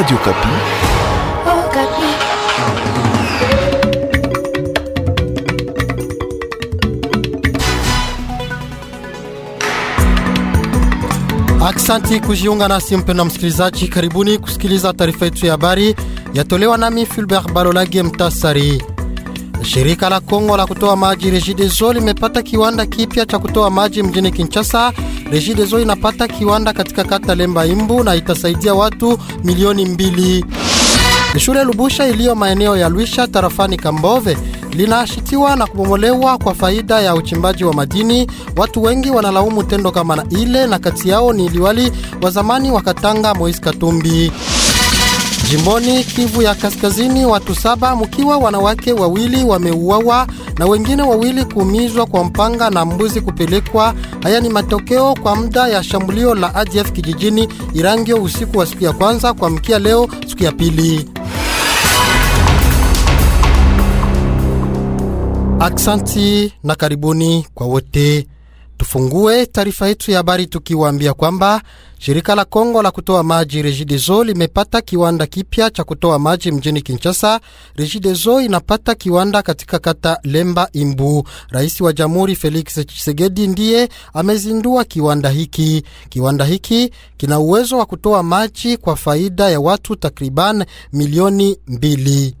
Radio Kapi. Oh, Kapi. Aksanti kujiunga nasi mpendwa msikilizaji, karibuni kusikiliza taarifa yetu ya habari yatolewa nami Fulbert Balolage mtasari. Shirika la Kongo la kutoa maji Regideso limepata kiwanda kipya cha kutoa maji mjini Kinshasa Regideso inapata kiwanda katika kata Lemba Imbu na itasaidia watu milioni mbili. Shule Lubusha iliyo maeneo ya Lwisha tarafani Kambove linashitiwa na kubomolewa kwa faida ya uchimbaji wa madini. Watu wengi wanalaumu tendo kama na ile, na kati yao ni liwali wa zamani wa Katanga Moise Katumbi. Jimboni Kivu ya Kaskazini, watu saba mkiwa wanawake wawili wameuawa na wengine wawili kuumizwa kwa mpanga na mbuzi kupelekwa. Haya ni matokeo kwa muda ya shambulio la ADF kijijini Irangio usiku wa siku ya kwanza kuamkia leo siku ya pili. Aksanti na karibuni kwa wote. Tufungue taarifa yetu ya habari tukiwaambia kwamba shirika la Kongo la kutoa maji Regideso limepata kiwanda kipya cha kutoa maji mjini Kinshasa. Regideso inapata kiwanda katika kata Lemba Imbu. Rais wa Jamhuri Felix Tshisekedi ndiye amezindua kiwanda hiki. Kiwanda hiki kina uwezo wa kutoa maji kwa faida ya watu takriban milioni mbili.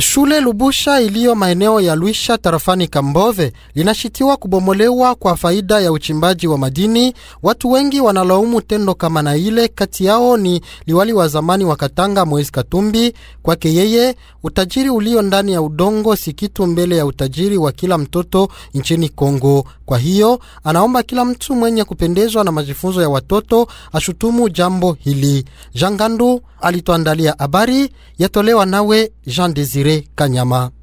Shule Lubusha iliyo maeneo ya Lwisha tarafani Kambove linashitiwa kubomolewa kwa faida ya uchimbaji wa madini. Watu wengi wanalaumu tendo kama na ile, kati yao ni liwali wa zamani wa Katanga Moise Katumbi. Kwake yeye, utajiri ulio ndani ya udongo si kitu mbele ya utajiri wa kila mtoto nchini Kongo. Kwa hiyo anaomba kila mtu mwenye kupendezwa na majifunzo ya watoto ashutumu jambo hili. Jangandu alituandalia habari, yatolewa nawe Jean Desire. Desire Kanyama.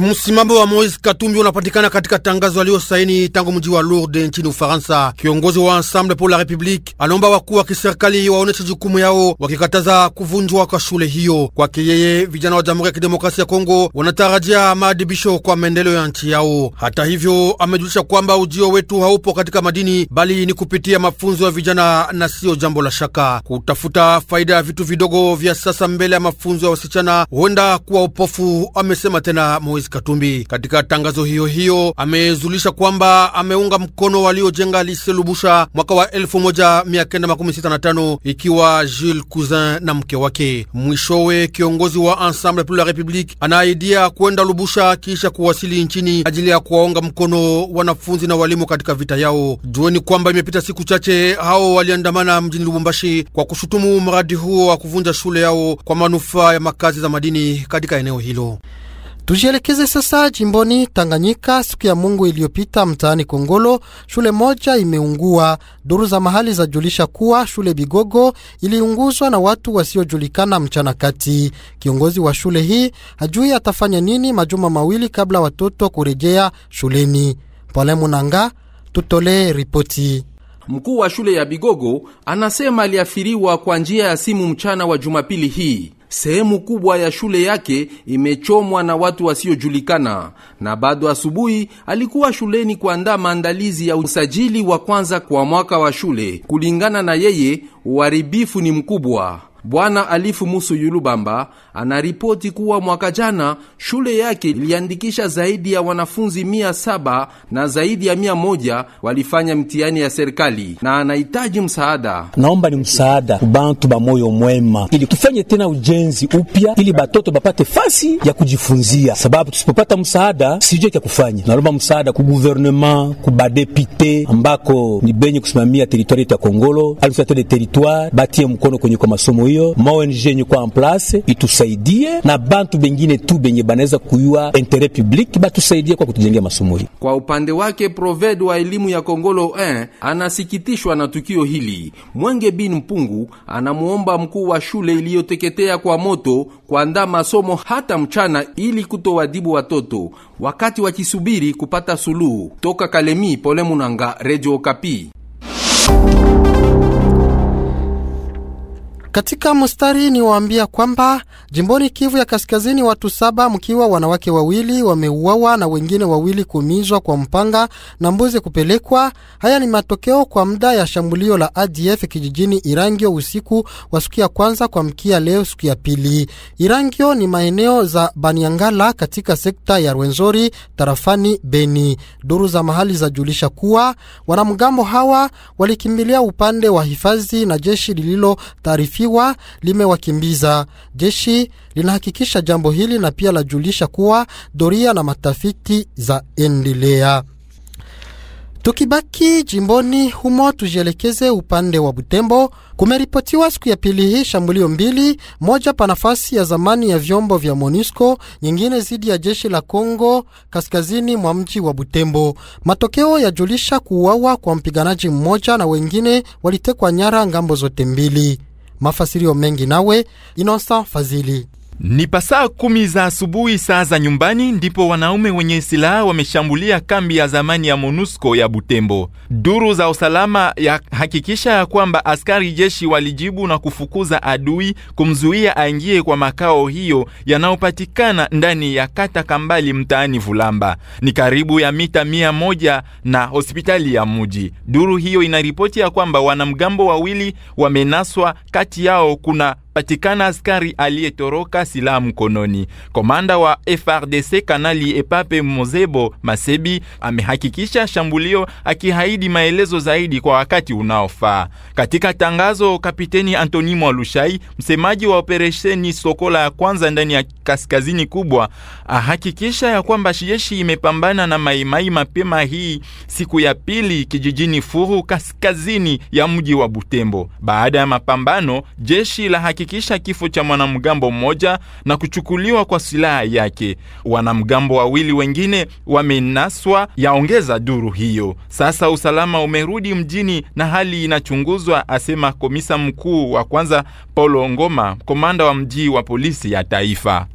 Msimamo wa Moise Katumbi unapatikana katika tangazo aliyosaini tangu mji wa Lourdes nchini Ufaransa. Kiongozi wa Ensemble pour la République anaomba wakuu wa kiserikali waoneshe jukumu yao, wakikataza kuvunjwa kwa shule hiyo. Kwake yeye, vijana wa Jamhuri ya Kidemokrasia ya Kongo wanatarajia maadibisho kwa maendeleo ya nchi yao. Hata hivyo, amejulisha kwamba ujio wetu haupo katika madini, bali ni kupitia mafunzo ya vijana na siyo jambo la shaka. Kutafuta faida ya vitu vidogo vya sasa mbele ya mafunzo ya wasichana huenda kuwa upofu, amesema tena Moise Moise Katumbi. Katika tangazo hiyo hiyo amezulisha kwamba ameunga mkono waliojenga lise Lubusha mwaka wa 1965 ikiwa Jules Cousin na mke wake. Mwishowe kiongozi wa Ensemble pour la République anaaidia kwenda Lubusha kisha kuwasili nchini ajili ya kuwaunga mkono wanafunzi na walimu katika vita yao. Jueni kwamba imepita siku chache hao waliandamana mjini Lubumbashi kwa kushutumu mradi huo wa kuvunja shule yao kwa manufaa ya makazi za madini katika eneo hilo. Tujielekeze sasa jimboni Tanganyika. Siku ya Mungu iliyopita mtaani Kongolo, shule moja imeungua. Duru za mahali zajulisha kuwa shule Bigogo iliunguzwa na watu wasiojulikana mchana kati. Kiongozi wa shule hii hajui atafanya nini majuma mawili kabla watoto kurejea shuleni. Pole Munanga tutolee ripoti. Mkuu wa shule ya Bigogo anasema aliafiriwa kwa njia ya simu mchana wa Jumapili hii Sehemu kubwa ya shule yake imechomwa na watu wasiojulikana, na bado asubuhi alikuwa shuleni kuandaa maandalizi ya usajili wa kwanza kwa mwaka wa shule. Kulingana na yeye, uharibifu ni mkubwa. Bwana Alifu Musu Yulubamba anaripoti kuwa mwaka jana shule yake iliandikisha zaidi ya wanafunzi mia saba na zaidi ya mia moja walifanya mtihani ya serikali na anahitaji msaada. Naomba ni msaada kubantu ba moyo mwema, ili tufanye tena ujenzi upya, ili batoto bapate fasi ya kujifunzia, sababu tusipopata msaada sijue kya kufanya. Naomba msaada ku guvernema, ku badepite ambako ni benye kusimamia teritwari yetu ya Kongolo, alfate de batie mkono kwenye kwa masomo hiyo ma ONG yenye kwa en place itusaidie na bantu bengine tu benye banaweza kuyua intere public batusaidie kwa kutujengea masomo hii. Kwa upande wake proved wa elimu ya Kongolo 1 anasikitishwa na tukio hili. Mwenge bin Mpungu anamuomba mkuu wa shule iliyoteketea kwa moto kuandaa masomo hata mchana ili kutowadhibu watoto wakati wakisubiri kupata suluhu. Toka Kalemi, Pole Munanga, Radio Okapi. Katika mstari ni waambia kwamba jimboni Kivu ya Kaskazini, watu saba mkiwa wanawake wawili wameuawa na wengine wawili kuumizwa kwa mpanga na mbuzi kupelekwa. Haya ni matokeo kwa muda ya shambulio la ADF kijijini Irangio usiku wa siku ya kwanza kwa mkia leo siku ya pili. Irangio ni maeneo za Baniangala katika sekta ya Rwenzori tarafani Beni. Duru za mahali zajulisha kuwa wanamgambo hawa walikimbilia upande wa hifadhi na jeshi lililo ziwa limewakimbiza. Jeshi linahakikisha jambo hili na pia lajulisha kuwa doria na matafiti za endelea Tukibaki jimboni humo, tujielekeze upande wa Butembo. Kumeripotiwa siku ya pili hii shambulio mbili, moja pa nafasi ya zamani ya vyombo vya MONUSCO, nyingine dhidi ya jeshi la congo kaskazini mwa mji wa Butembo. Matokeo yajulisha kuuawa kwa mpiganaji mmoja na wengine walitekwa nyara ngambo zote mbili mafasirio mengi nawe Inosa fazili ni pasaa kumi za asubuhi saa za nyumbani ndipo wanaume wenye silaha wameshambulia kambi ya zamani ya MONUSCO ya Butembo. Duru za usalama ya hakikisha ya kwamba askari jeshi walijibu na kufukuza adui kumzuia aingie kwa makao hiyo yanayopatikana ndani ya kata Kambali mtaani Vulamba. Ni karibu ya mita mia moja na hospitali ya muji Duru hiyo inaripoti ya kwamba wanamgambo wawili wamenaswa, kati yao kuna alipatikana askari aliyetoroka silaha mkononi. Komanda wa FRDC Kanali Epape Mozebo Masebi amehakikisha shambulio akihaidi maelezo zaidi kwa wakati unaofaa. Katika tangazo, Kapiteni Antoni Mwalushai, msemaji wa operesheni Sokola ya kwanza ndani ya kaskazini kubwa, ahakikisha ya kwamba jeshi imepambana na maimai mapema hii siku ya pili kijijini Furu kaskazini ya mji wa Butembo. Baada ya mapambano jeshi la kufanikisha kifo cha mwanamgambo mmoja na kuchukuliwa kwa silaha yake. Wanamgambo wawili wengine wamenaswa, yaongeza duru hiyo. Sasa usalama umerudi mjini na hali inachunguzwa, asema komisa mkuu wa kwanza Paulo Ngoma, komanda wa mji wa polisi ya taifa.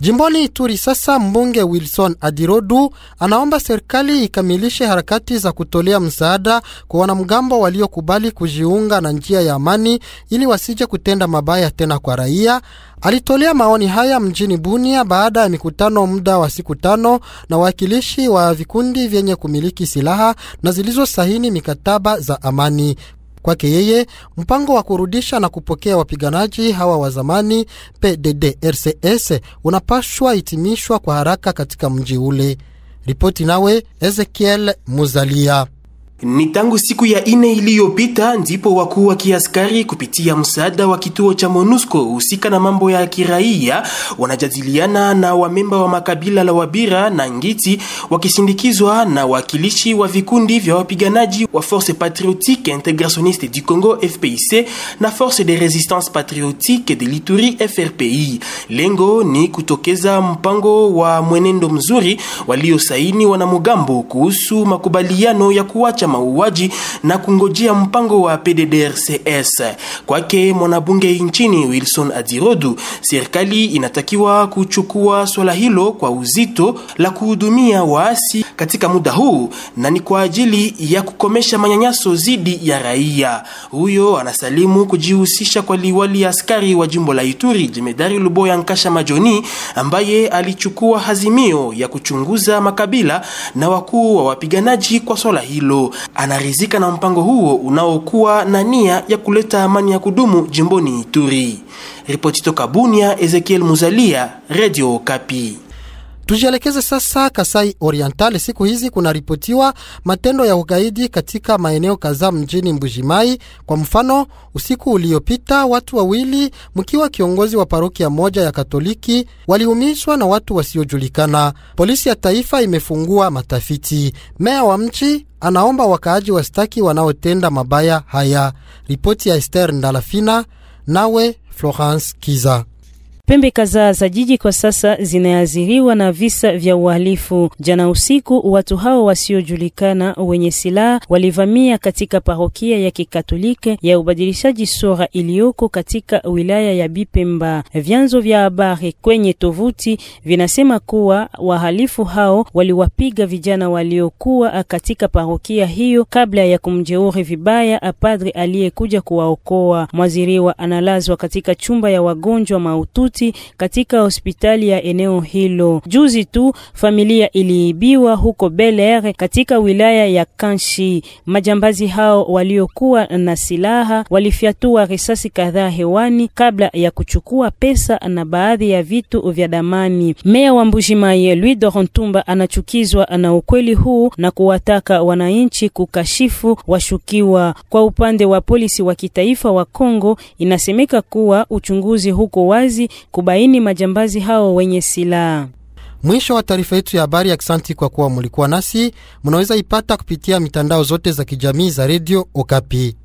Jimboni Ituri sasa, mbunge Wilson Adirodu anaomba serikali ikamilishe harakati za kutolea msaada kwa wanamgambo waliokubali kujiunga na njia ya amani ili wasije kutenda mabaya tena kwa raia. Alitolea maoni haya mjini Bunia baada ya mikutano muda wa siku tano na wawakilishi wa vikundi vyenye kumiliki silaha na zilizosahini mikataba za amani. Kwake yeye mpango wa kurudisha na kupokea wapiganaji hawa wa zamani PDD RCS unapashwa hitimishwa kwa haraka katika mji ule. Ripoti nawe Ezekiel Muzalia. Ni tangu siku ya ine iliyopita ndipo wakuu wa kiaskari kupitia msaada wa kituo cha MONUSCO husika na mambo ya kiraia wanajadiliana na wamemba wa makabila la Wabira na Ngiti wakisindikizwa na wakilishi wa vikundi vya wapiganaji wa Force Patriotique Integrationniste du Congo FPIC na Force de Resistance Patriotique de Lituri FRPI. Lengo ni kutokeza mpango wa mwenendo mzuri waliosaini wanamugambo kuhusu makubaliano ya kuacha mauaji na kungojea mpango wa PDDRCS. Kwake mwanabunge nchini Wilson Adirodu, serikali inatakiwa kuchukua swala hilo kwa uzito la kuhudumia waasi katika muda huu, na ni kwa ajili ya kukomesha manyanyaso dhidi ya raia. Huyo anasalimu kujihusisha kwa liwali askari wa jimbo la Ituri jemedari Luboya Nkasha Majoni ambaye alichukua hazimio ya kuchunguza makabila na wakuu wa wapiganaji kwa swala hilo anaridhika na mpango huo unaokuwa na nia ya kuleta amani ya kudumu jimboni Ituri. Ripoti toka Bunia, Ezekiel Muzalia, Radio Kapi. Tujielekeze sasa Kasai Oriental. Siku hizi kunaripotiwa matendo ya ugaidi katika maeneo kadhaa mjini Mbujimai. Kwa mfano, usiku uliopita watu wawili, mkiwa kiongozi wa parokia moja ya Katoliki, waliumizwa na watu wasiojulikana. Polisi ya taifa imefungua matafiti. Meya wa mji anaomba wakaaji wastaki wanaotenda mabaya haya. Ripoti ya Ester Ndalafina nawe Florence Kiza. Pembe kadhaa za jiji kwa sasa zinaadhiriwa na visa vya uhalifu. Jana usiku, watu hao wasiojulikana wenye silaha walivamia katika parokia ya Kikatoliki ya ubadilishaji sura iliyoko katika wilaya ya Bipemba. Vyanzo vya habari kwenye tovuti vinasema kuwa wahalifu hao waliwapiga vijana waliokuwa katika parokia hiyo kabla ya kumjeuri vibaya padri aliyekuja kuwaokoa. mwaziriwa analazwa katika chumba ya wagonjwa mahututi mauti katika hospitali ya eneo hilo. Juzi tu familia iliibiwa huko Bel Air katika wilaya ya Kanshi. Majambazi hao waliokuwa na silaha walifyatua risasi kadhaa hewani kabla ya kuchukua pesa na baadhi ya vitu vya damani. Meya wa Mbujimaye Louis Dorontumba anachukizwa na ukweli huu na kuwataka wananchi kukashifu washukiwa. Kwa upande wa polisi wa kitaifa wa Kongo, inasemeka kuwa uchunguzi huko wazi kubaini majambazi hao wenye silaha. Mwisho wa taarifa yetu ya habari. Aksanti kwa kuwa mulikuwa nasi, munaweza ipata kupitia mitandao zote za kijamii za redio Okapi.